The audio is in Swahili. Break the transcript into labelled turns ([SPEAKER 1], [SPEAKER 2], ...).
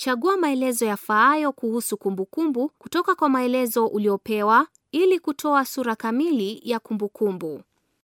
[SPEAKER 1] Chagua maelezo yafaayo kuhusu kumbukumbu kutoka kwa maelezo uliopewa ili kutoa sura kamili ya kumbukumbu kumbu.